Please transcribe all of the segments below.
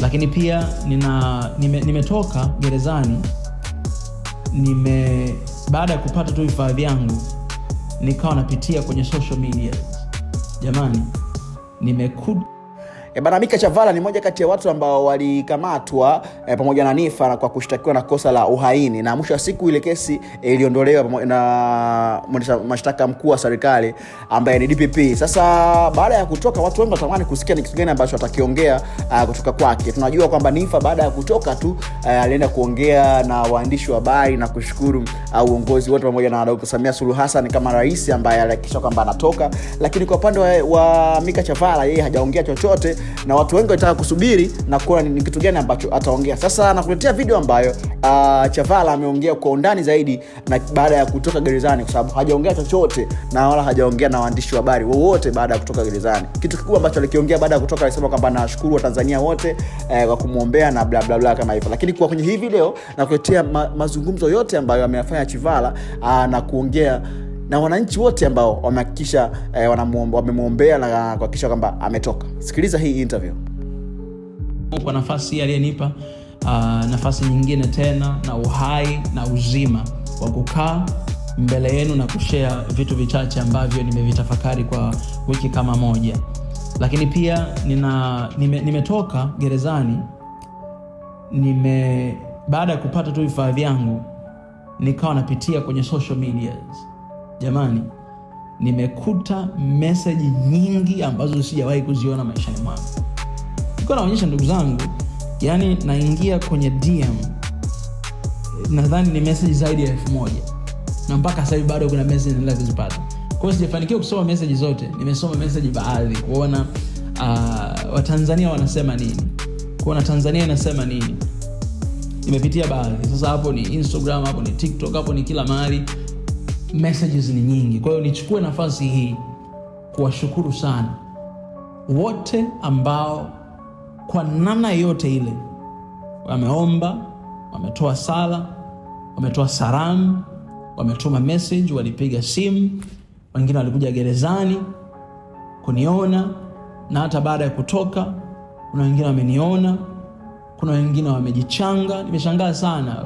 Lakini pia nina nime, nimetoka gerezani nime baada ya kupata tu vifaa vyangu nikawa napitia kwenye social media, jamani, nimekuta E, eh, bana Mika Chavala ni moja kati ya watu ambao walikamatwa e, pamoja na Nifa kwa kushtakiwa na kosa la uhaini, na mwisho wa siku ile kesi e, iliondolewa na mwendesha mashtaka mkuu wa serikali ambaye ni DPP. Sasa baada ya kutoka, watu wengi watamani kusikia ni kitu gani ambacho atakiongea ah, kutoka kwake. Tunajua kwamba Nifa baada ya kutoka tu alienda kuongea na waandishi wa habari na kushukuru ah, uongozi wote pamoja na Dr. Samia Suluhu Hassan kama rais ambaye alihakikisha kwamba anatoka, lakini kwa upande wa, wa Mika Chavala yeye hajaongea chochote na watu wengi wanataka kusubiri na kuona ni kitu gani ambacho ataongea. Sasa nakuletea video ambayo uh, Chavala ameongea kwa undani zaidi na baada ya kutoka gerezani, kwa sababu hajaongea chochote na wala hajaongea na waandishi wa habari wowote baada ya kutoka gerezani. Kitu kikubwa ambacho alikiongea baada ya kutoka alisema kwamba anawashukuru Watanzania wote eh, kwa kumwombea na bla bla bla kama hivyo, lakini kwa kwenye hii video nakuletea ma mazungumzo yote ambayo ameyafanya Chavala uh, na kuongea na wananchi wote ambao wamehakikisha eh, wamemwombea na kuhakikisha kwamba ametoka. Sikiliza hii interview. Kwa nafasi hii aliyenipa uh, nafasi nyingine tena na uhai na uzima wa kukaa mbele yenu na kushea vitu vichache ambavyo nimevitafakari kwa wiki kama moja, lakini pia nina, nime, nimetoka gerezani nime, baada ya kupata tu vifaa vyangu nikawa napitia kwenye social medias Jamani, nimekuta meseji nyingi ambazo sijawahi kuziona maishani mwangu. Nilikuwa naonyesha ndugu zangu, yani naingia kwenye DM nadhani ni meseji zaidi ya elfu moja na mpaka sasa hivi bado kuna meseji naendelea kuzipata. Kwa hiyo sijafanikiwa kusoma meseji zote, nimesoma meseji baadhi kuona uh, watanzania wanasema nini, kuona Tanzania inasema nini. Nimepitia baadhi sasa, hapo ni Instagram, hapo ni TikTok, hapo ni kila mahali messages ni nyingi, kwa hiyo nichukue nafasi hii kuwashukuru sana wote ambao kwa namna yote ile wameomba, wametoa sala, wametoa salamu, wametuma message, walipiga simu, wengine walikuja gerezani kuniona, na hata baada ya kutoka, kuna wengine wameniona, kuna wengine wamejichanga. Nimeshangaa sana.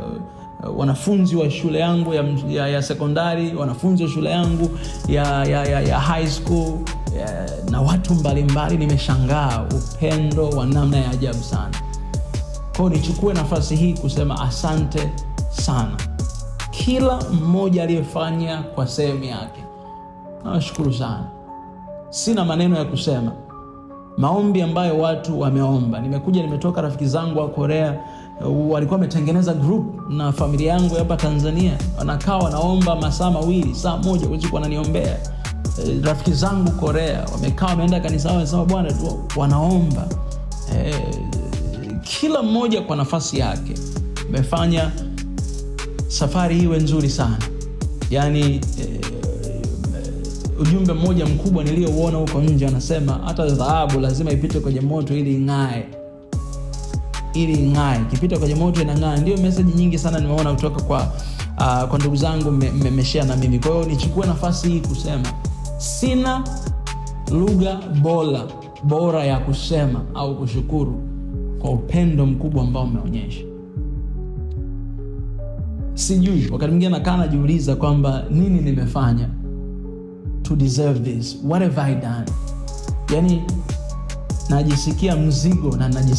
Eh, wanafunzi wa shule yangu ya, ya, ya sekondari, wanafunzi wa shule yangu ya, ya, ya, ya high school ya, eh, na watu mbalimbali. Nimeshangaa upendo wa namna ya ajabu sana. kwao nichukue nafasi hii kusema asante sana kila mmoja aliyefanya kwa sehemu yake. Nawashukuru sana, sina maneno ya kusema. Maombi ambayo watu wameomba, nimekuja nimetoka, rafiki zangu wa Korea Uh, walikuwa wametengeneza group na familia yangu hapa Tanzania, wanakaa wanaomba masaa mawili saa moja usiku wananiombea. E, rafiki zangu Korea wamekaa wameenda kanisa, wamesema bwana tu wanaomba. E, kila mmoja kwa nafasi yake amefanya safari iwe nzuri sana. Yani e, eh, ujumbe mmoja mkubwa niliyouona huko nje anasema hata dhahabu lazima ipite kwenye moto ili ing'ae ili ng'ae, ikipita kwenye moto inang'aa. Ndio message nyingi sana nimeona kutoka kwa uh, kwa ndugu zangu mmeshare na mimi. Kwa hiyo nichukue nafasi hii kusema sina lugha bora bora ya kusema au kushukuru kwa upendo mkubwa ambao umeonyesha. Sijui, wakati mwingine nakaa najiuliza kwamba nini nimefanya to deserve this, what have I done? Yani najisikia mzigo na najisikia